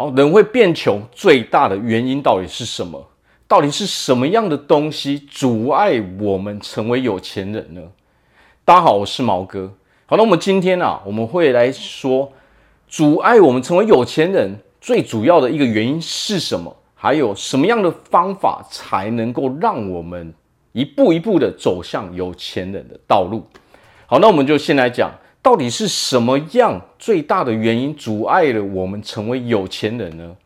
好，人會變窮最大的原因到底是什麼？到底是什麼樣的東西阻礙我們成為有錢人呢？大家好，我是毛哥。好，那我們今天啊，我們會來說阻礙我們成為有錢人最主要的一個原因是什麼？還有什麼樣的方法才能夠讓我們一步一步的走向有錢人的道路？好，那我們就先來講。到底是什麼樣最大的原因阻礙了我們成為有錢人呢？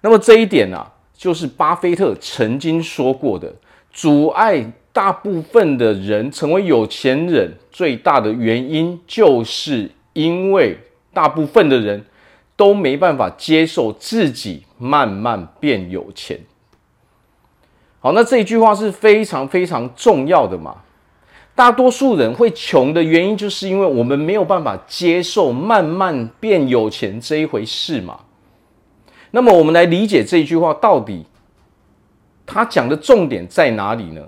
那麼這一點呢，就是巴菲特曾經說過的，阻礙大部分的人成為有錢人，最大的原因，就是因為大部分的人都沒辦法接受自己慢慢變有錢。好，那這一句話是非常非常重要的嘛。大多數人會窮的原因，就是因為我們沒有辦法接受慢慢變有錢這一回事嘛。那麼，我們來理解這一句話，到底他講的重點在哪裡呢？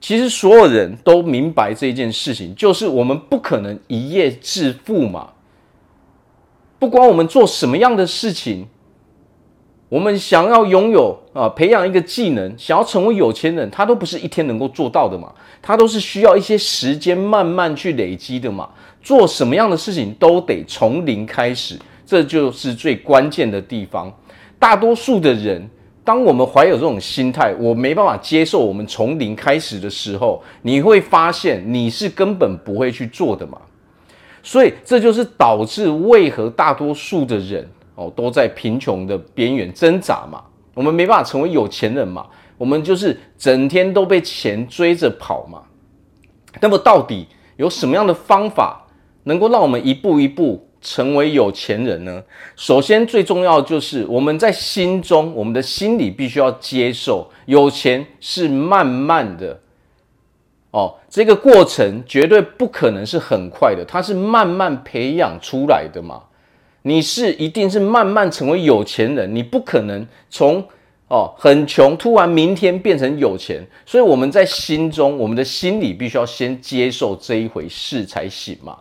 其實，所有人都明白這件事情，就是我們不可能一夜致富嘛。不管我們做什麼樣的事情。我們想要擁有啊，培養一個技能，想要成為有錢人，他都不是一天能夠做到的嘛，他都是需要一些時間慢慢去累積的嘛。做什麼樣的事情都得從零開始，這就是最關鍵的地方。大多數的人，當我們懷有這種心態，我沒辦法接受我們從零開始的時候，你會發現你是根本不會去做的嘛。所以這就是導致為何大多數的人，哦，都在貧窮的邊緣掙扎嘛，我們沒辦法成為有錢人嘛，我們就是整天都被錢追着跑嘛。那麼到底有什麼樣的方法能夠讓我們一步一步成為有錢人呢？首先，最重要就是我們在心中，我們的心裡必須要接受，有錢是慢慢的，哦，這個過程絕對不可能是很快的，它是慢慢培養出來的嘛。你是一定是慢慢成為有錢人，你不可能從哦很窮突然明天變成有錢，所以我們在心中，我們的心裡必須要先接受這一回事才行嘛。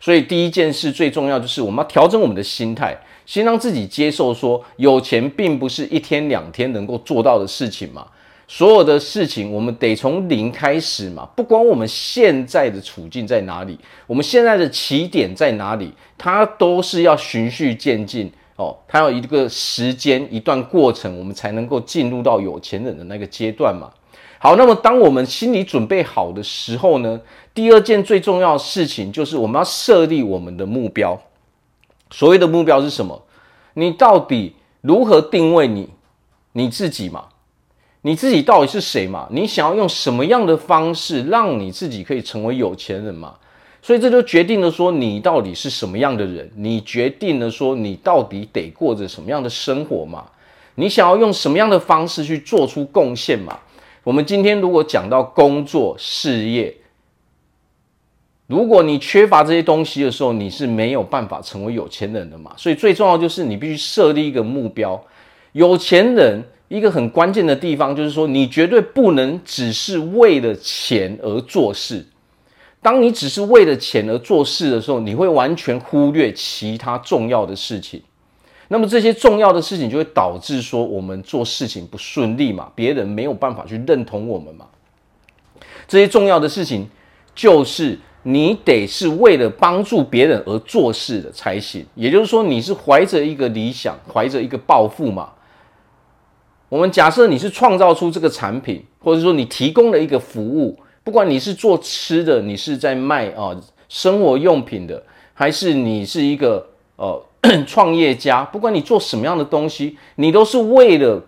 所以第一件事最重要就是我們要調整我們的心態，先讓自己接受說有錢並不是一天兩天能夠做到的事情嘛。所有的事情，我們得從零開始嘛。不管我們現在的處境在哪裡，我們現在的起點在哪裡，它都是要循序漸進哦。它有一個時間、一段過程，我們才能夠進入到有錢人的那個階段嘛。好，那麼當我們心理準備好的時候呢，第二件最重要的事情就是我們要設立我們的目標。所謂的目標是什麼？你到底如何定位你你自己嘛？你自己到底是誰嘛？你想要用什麼樣的方式讓你自己可以成為有錢人嘛？所以這就決定了說你到底是什麼樣的人，你決定了說你到底得過着什麼樣的生活嘛？你想要用什麼樣的方式去做出貢獻嘛？我們今天如果講到工作事業，如果你缺乏這些東西的時候，你是沒有辦法成為有錢人的嘛？所以最重要就是你必須設立一個目標，有錢人。一個很關鍵的地方就是說，你絕對不能只是為了錢而做事。當你只是為了錢而做事的時候，你會完全忽略其他重要的事情。那麼這些重要的事情就會導致說，我們做事情不順利嘛，別人沒有辦法去認同我們嘛。這些重要的事情，就是你得是為了幫助別人而做事的才行。也就是說，你是懷着一個理想，懷着一個抱負嘛。我們假設你是創造出這個產品，或者說你提供了一個服務，不管你是做吃的，你是在賣啊、呃、生活用品的，還是你是一個呃創業家，不管你做什麼樣的東西，你都是為了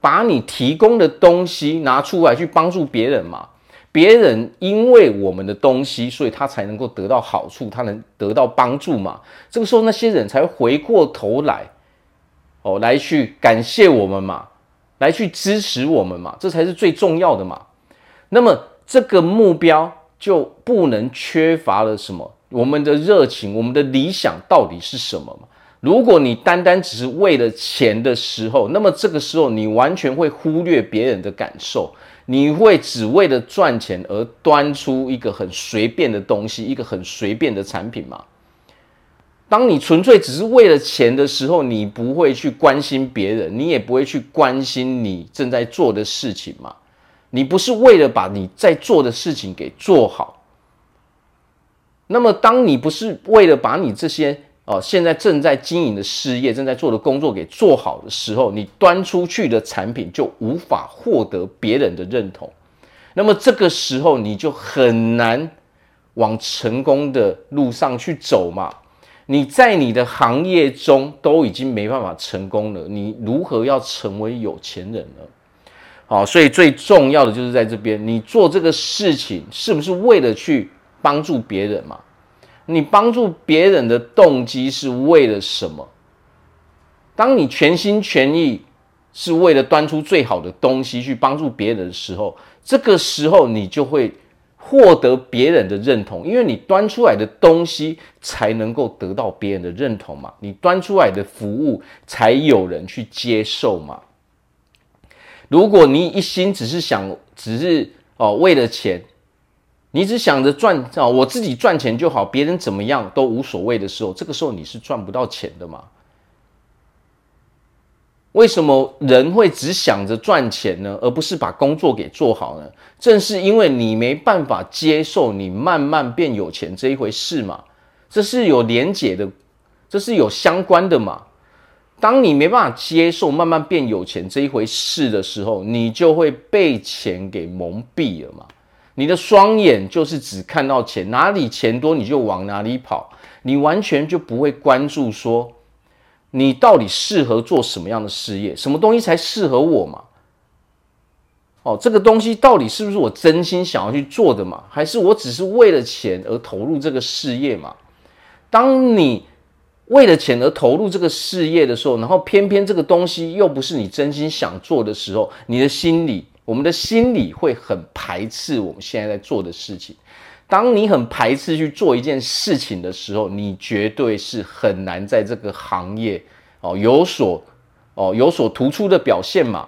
把你提供的東西拿出來去幫助別人嘛。別人因為我們的東西，所以他才能夠得到好處，他能得到幫助嘛。這個時候那些人才回過頭來，哦，來去感謝我們嘛。來去支持我們嘛，這才是最重要的嘛。那麼這個目標就不能缺乏了什麼？我們的熱情，我們的理想到底是什麼嘛？如果你單單只是為了錢的時候，那麼這個時候你完全會忽略別人的感受，你會只為了賺錢而端出一個很隨便的東西，一個很隨便的產品嘛。當你純粹只是為了錢的時候，你不會去關心別人，你也不會去關心你正在做的事情嘛。你不是為了把你在做的事情給做好。那麼，當你不是為了把你這些哦，現在正在經營的事業、正在做的工作給做好的時候，你端出去的產品就無法獲得別人的認同。那麼，這個時候你就很難往成功的路上去走嘛。你在你的行業中都已經沒辦法成功了，你如何要成為有錢人呢？好，所以最重要的就是在這邊，你做這個事情是不是為了去幫助別人嘛？你幫助別人的動機是為了什麼？當你全心全意是為了端出最好的東西去幫助別人的時候，這個時候你就會獲得別人的認同，因為你端出來的東西才能夠得到別人的認同嘛，你端出來的服務才有人去接受嘛。如果你一心只是想，只是哦為了錢，你只想着賺，哦，我自己賺錢就好，別人怎麼樣都無所謂的時候，這個時候你是賺不到錢的嘛。為什麼人會只想着賺錢呢，而不是把工作給做好呢？正是因為你沒辦法接受你慢慢變有錢這一回事嘛，這是有連結的，這是有相關的嘛。當你沒辦法接受慢慢變有錢這一回事的時候，你就會被錢給矇蔽了嘛。你的雙眼就是只看到錢，哪裡錢多你就往哪裡跑，你完全就不會關注說。你到底適合做什麼樣的事業？什麼東西才適合我嘛？哦，這個東西到底是不是我真心想要去做的嘛？還是我只是為了錢而投入這個事業嘛？當你為了錢而投入這個事業的時候，然後偏偏這個東西又不是你真心想做的時候，你的心理，我們的心理會很排斥我們現在在做的事情。當你很排斥去做一件事情的時候，你絕對是很難在這個行業哦有所哦有所突出的表現嘛。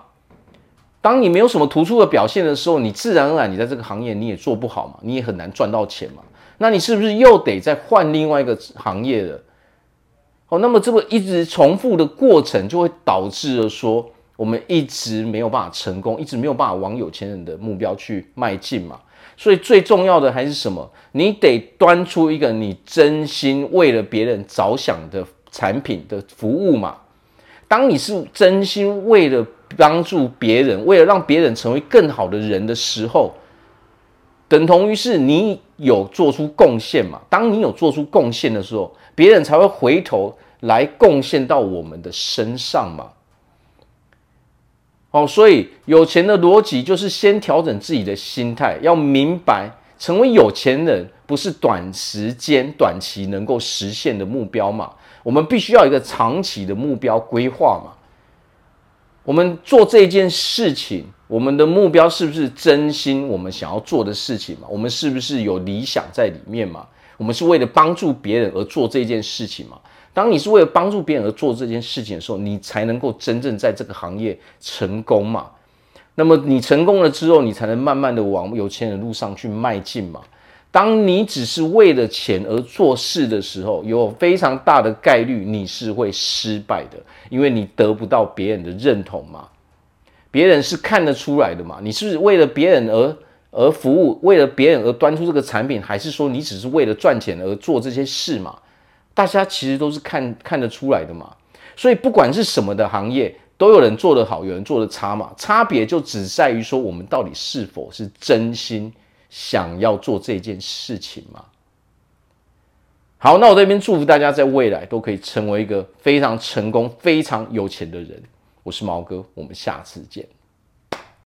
當你沒有什麼突出的表現的時候，你自然而然你在這個行業你也做不好嘛，你也很難賺到錢嘛。那你是不是又得再換另外一個行業了？哦，那麼這個一直重複的過程就會導致了說，我們一直沒有辦法成功，一直沒有辦法往有錢人的目標去邁進嘛。所以最重要的還是什麼？你得端出一個你真心為了別人着想的產品的服務嘛。當你是真心為了幫助別人，為了讓別人成為更好的人的時候，等同於是你有做出貢獻嘛。當你有做出貢獻的時候，別人才會回頭來貢獻到我們的身上嘛。哦，所以有錢的邏輯就是先調整自己的心態，要明白成為有錢人不是短時間、短期能夠實現的目標嘛。我們必須要有一個長期的目標規劃嘛。我們做這件事情，我們的目標是不是真心我們想要做的事情嘛？我們是不是有理想在裡面嘛？我們是為了幫助別人而做這件事情嘛？當你是為了幫助別人而做這件事情的時候，你才能夠真正在這個行業成功嘛。那麼你成功了之後，你才能慢慢的往有錢人的路上去邁進嘛。當你只是為了錢而做事的時候，有非常大的概率你是會失敗的，因為你得不到別人的認同嘛。別人是看得出來的嘛。你是不是為了別人而而服務，為了別人而端出這個產品，還是說你只是為了賺錢而做這些事嘛？大家其實都是看看得出來的嘛。所以不管是什麼的行業，都有人做得好，有人做得差嘛。差別就只在於說，我們到底是否是真心想要做這件事情嘛？好，那我這邊祝福大家，在未來都可以成為一個非常成功、非常有錢的人。我是毛哥，我們下次見。